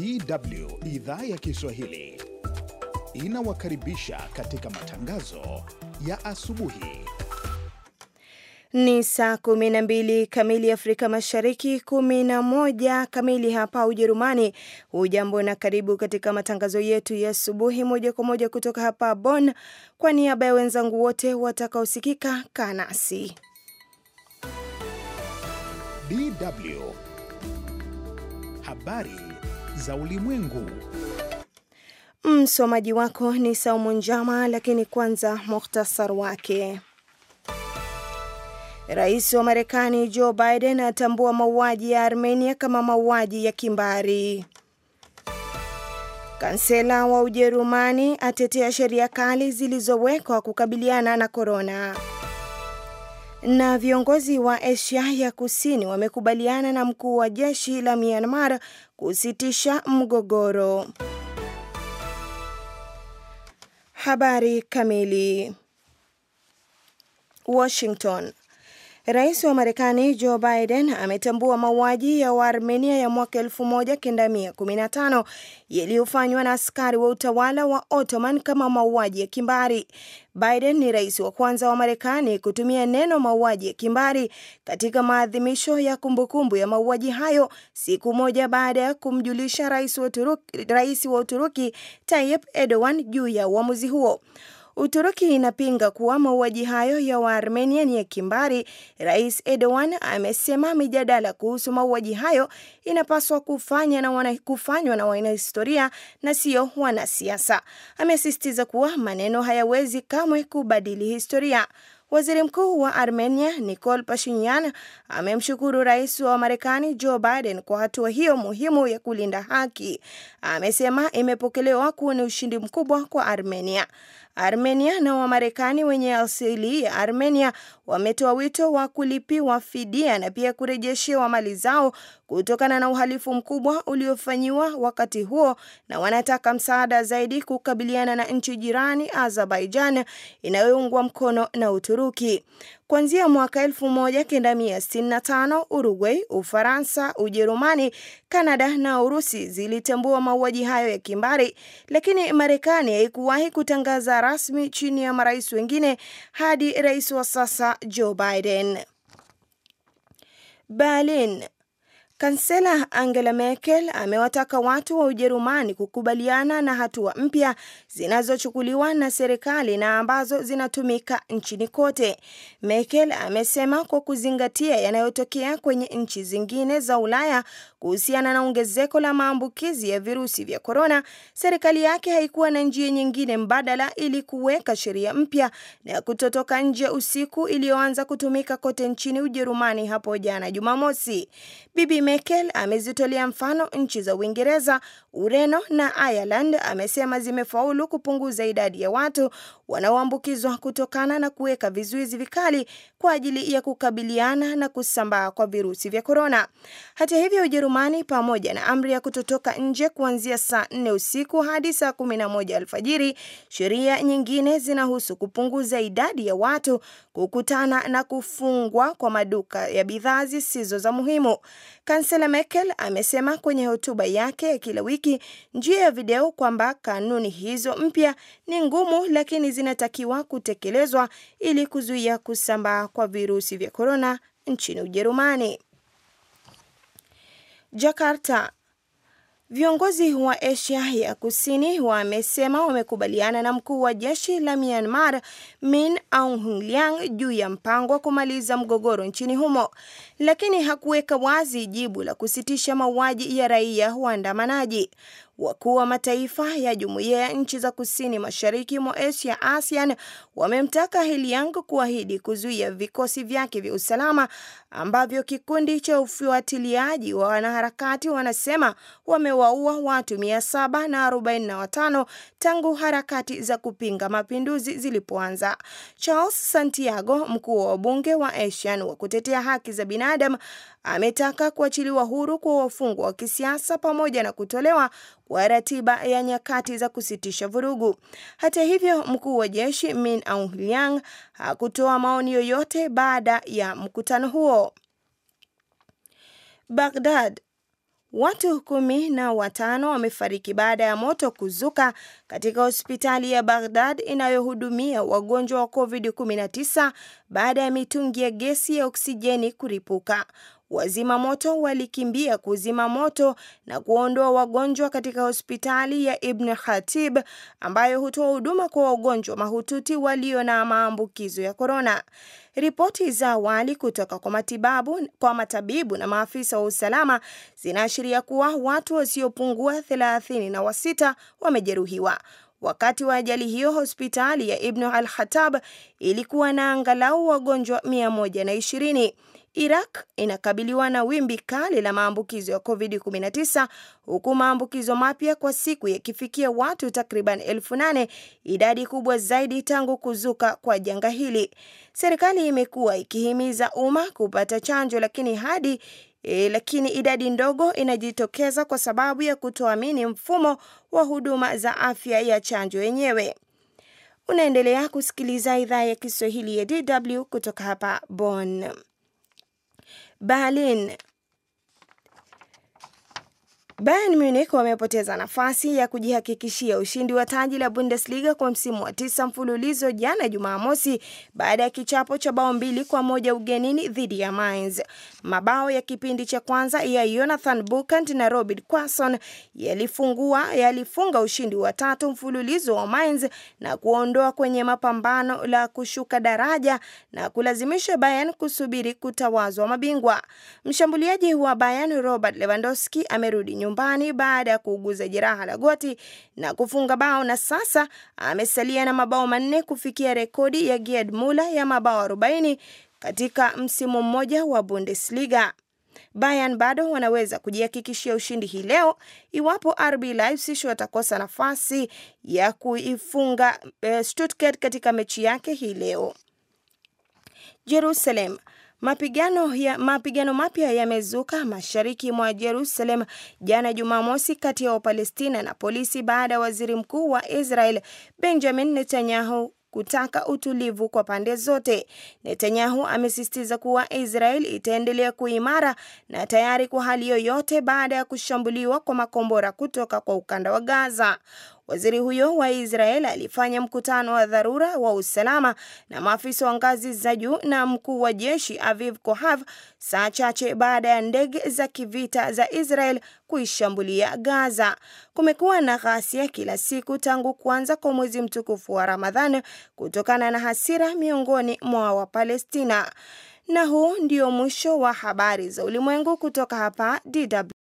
DW idhaa ya Kiswahili inawakaribisha katika matangazo ya asubuhi. Ni saa 12 kamili Afrika Mashariki, 11 kamili hapa Ujerumani. Hujambo na karibu katika matangazo yetu ya asubuhi, moja kwa moja kutoka hapa Bonn, kwa niaba ya wenzangu wote watakaosikika kanasi. DW habari za ulimwengu. Msomaji wako ni Saumu Njama, lakini kwanza muhtasar wake. Rais wa Marekani Joe Biden atambua mauaji ya Armenia kama mauaji ya kimbari. Kansela wa Ujerumani atetea sheria kali zilizowekwa kukabiliana na korona. Na viongozi wa Asia ya Kusini wamekubaliana na mkuu wa jeshi la Myanmar kusitisha mgogoro. Habari kamili. Washington Rais wa Marekani Joe Biden ametambua mauaji ya Waarmenia ya mwaka 1915 yaliyofanywa na askari wa utawala wa Ottoman kama mauaji ya kimbari. Biden ni rais wa kwanza wa Marekani kutumia neno mauaji ya kimbari katika maadhimisho ya kumbukumbu ya mauaji hayo, siku moja baada ya kumjulisha rais wa Uturuki, rais wa Uturuki Tayyip Erdogan juu ya uamuzi huo. Uturuki inapinga kuwa mauaji hayo ya Waarmenia ni ya kimbari. Rais Erdogan amesema mijadala kuhusu mauaji hayo inapaswa kufanya na wana, kufanywa na wanahistoria na sio wanasiasa. Amesisitiza kuwa maneno hayawezi kamwe kubadili historia. Waziri Mkuu wa Armenia Nikol Pashinyan amemshukuru rais wa Marekani Joe Biden kwa hatua hiyo muhimu ya kulinda haki. Amesema imepokelewa kuwa ni ushindi mkubwa kwa Armenia. Armenia na Wamarekani wenye asili ya Armenia wametoa wito wa kulipiwa fidia na pia kurejeshewa mali zao kutokana na uhalifu mkubwa uliofanyiwa wakati huo, na wanataka msaada zaidi kukabiliana na nchi jirani Azerbaijan inayoungwa mkono na Uturuki kuanzia mwaka kenda tano Uruguay, Ufaransa, Ujerumani, Kanada na Urusi zilitambua mauaji hayo ya kimbari, lakini Marekani haikuwahi kutangaza rasmi chini ya marais wengine hadi rais wa sasa Joe Biden. Berlin Kansela Angela Merkel amewataka watu wa Ujerumani kukubaliana na hatua mpya zinazochukuliwa na serikali na ambazo zinatumika nchini kote. Merkel amesema kwa kuzingatia yanayotokea kwenye nchi zingine za Ulaya kuhusiana na ongezeko la maambukizi ya virusi vya korona, serikali yake haikuwa na njia nyingine mbadala ili kuweka sheria mpya na kutotoka nje usiku iliyoanza kutumika kote nchini Ujerumani hapo jana Jumamosi. Bibi Merkel amezitolea mfano nchi za Uingereza, Ureno na Ireland, amesema zimefaulu kupunguza idadi ya watu wanaoambukizwa kutokana na kuweka vizuizi vikali kwa ajili ya kukabiliana na kusambaa kwa virusi vya korona. Hata hivyo, Ujerumani pamoja na amri ya kutotoka nje kuanzia saa nne usiku hadi saa kumi na moja alfajiri, sheria nyingine zinahusu kupunguza idadi ya watu kukutana na kufungwa kwa maduka ya bidhaa zisizo za muhimu. Chancellor Merkel amesema kwenye hotuba yake ya kila wiki njia ya video kwamba kanuni hizo mpya ni ngumu, lakini zinatakiwa kutekelezwa ili kuzuia kusambaa kwa virusi vya korona nchini Ujerumani. Jakarta Viongozi wa Asia ya Kusini wamesema wamekubaliana na mkuu wa jeshi la Myanmar Min Aung Hlaing juu ya mpango wa kumaliza mgogoro nchini humo, lakini hakuweka wazi jibu la kusitisha mauaji ya raia waandamanaji. Wakuu wa mataifa ya jumuiya ya nchi za kusini mashariki mwa Asia ASEAN wamemtaka Heliang kuahidi kuzuia vikosi vyake vya usalama ambavyo kikundi cha ufuatiliaji wa wanaharakati wanasema wamewaua watu 745 tangu harakati za kupinga mapinduzi zilipoanza. Charles Santiago, mkuu wa bunge wa ASEAN wa kutetea haki za binadamu, ametaka kuachiliwa huru kwa wafungwa wa kisiasa pamoja na kutolewa wa ratiba ya nyakati za kusitisha vurugu. Hata hivyo, mkuu wa jeshi Min Aung Hlaing hakutoa maoni yoyote baada ya mkutano huo. Baghdad Watu kumi na watano wamefariki baada ya moto kuzuka katika hospitali ya Baghdad inayohudumia wagonjwa wa COVID-19 baada ya mitungi ya gesi ya oksijeni kuripuka. Wazima moto walikimbia kuzima moto na kuondoa wagonjwa katika hospitali ya Ibn Khatib ambayo hutoa huduma kwa wagonjwa mahututi walio na maambukizo ya korona. Ripoti za awali kutoka kwa matibabu kwa matabibu na maafisa wa usalama zinaashiria kuwa watu wasiopungua thelathini na wasita wamejeruhiwa. Wakati wa ajali hiyo, hospitali ya Ibn al-Khattab ilikuwa na angalau wagonjwa 120. Iraq inakabiliwa na wimbi kali la maambukizo ya COVID-19 huku maambukizo mapya kwa siku yakifikia watu takriban elfu nane, idadi kubwa zaidi tangu kuzuka kwa janga hili. Serikali imekuwa ikihimiza umma kupata chanjo, lakini hadi E, lakini idadi ndogo inajitokeza kwa sababu ya kutoamini mfumo wa huduma za afya ya chanjo yenyewe. Unaendelea kusikiliza idhaa ya Kiswahili ya DW kutoka hapa Bonn. بعدين Bayern Munich wamepoteza nafasi ya kujihakikishia ushindi wa taji la Bundesliga kwa msimu wa tisa mfululizo jana Jumamosi baada ya kichapo cha bao mbili kwa moja ugenini dhidi ya Mainz. Mabao ya kipindi cha kwanza ya Jonathan Bukant na Robert Quaison yalifungua yalifunga ushindi wa tatu mfululizo wa Mainz na kuondoa kwenye mapambano la kushuka daraja na kulazimisha Bayern kusubiri kutawazwa mabingwa. Mshambuliaji wa Bayern Robert Lewandowski amerudi nyumbani nyumbani baada ya kuuguza jeraha la goti na kufunga bao na sasa amesalia na mabao manne kufikia rekodi ya Gerd Muller ya mabao 40 katika msimu mmoja wa Bundesliga. Bayern bado wanaweza kujihakikishia ushindi hii leo iwapo RB Leipzig watakosa nafasi ya kuifunga eh, Stuttgart katika mechi yake hii leo. Jerusalem Mapigano ya mapigano mapya yamezuka mashariki mwa Jerusalem jana Jumamosi kati ya Wapalestina na polisi baada ya waziri mkuu wa Israel Benjamin Netanyahu kutaka utulivu kwa pande zote. Netanyahu amesisitiza kuwa Israel itaendelea kuimara na tayari kwa hali yoyote baada ya kushambuliwa kwa makombora kutoka kwa ukanda wa Gaza. Waziri huyo wa Israel alifanya mkutano wa dharura wa usalama na maafisa wa ngazi za juu na mkuu wa jeshi Aviv Kohav saa chache baada ya ndege za kivita za Israel kuishambulia Gaza. Kumekuwa na ghasia kila siku tangu kuanza kwa mwezi mtukufu wa ramadhan kutokana na hasira miongoni mwa Wapalestina. Na huu ndio mwisho wa habari za ulimwengu kutoka hapa DW.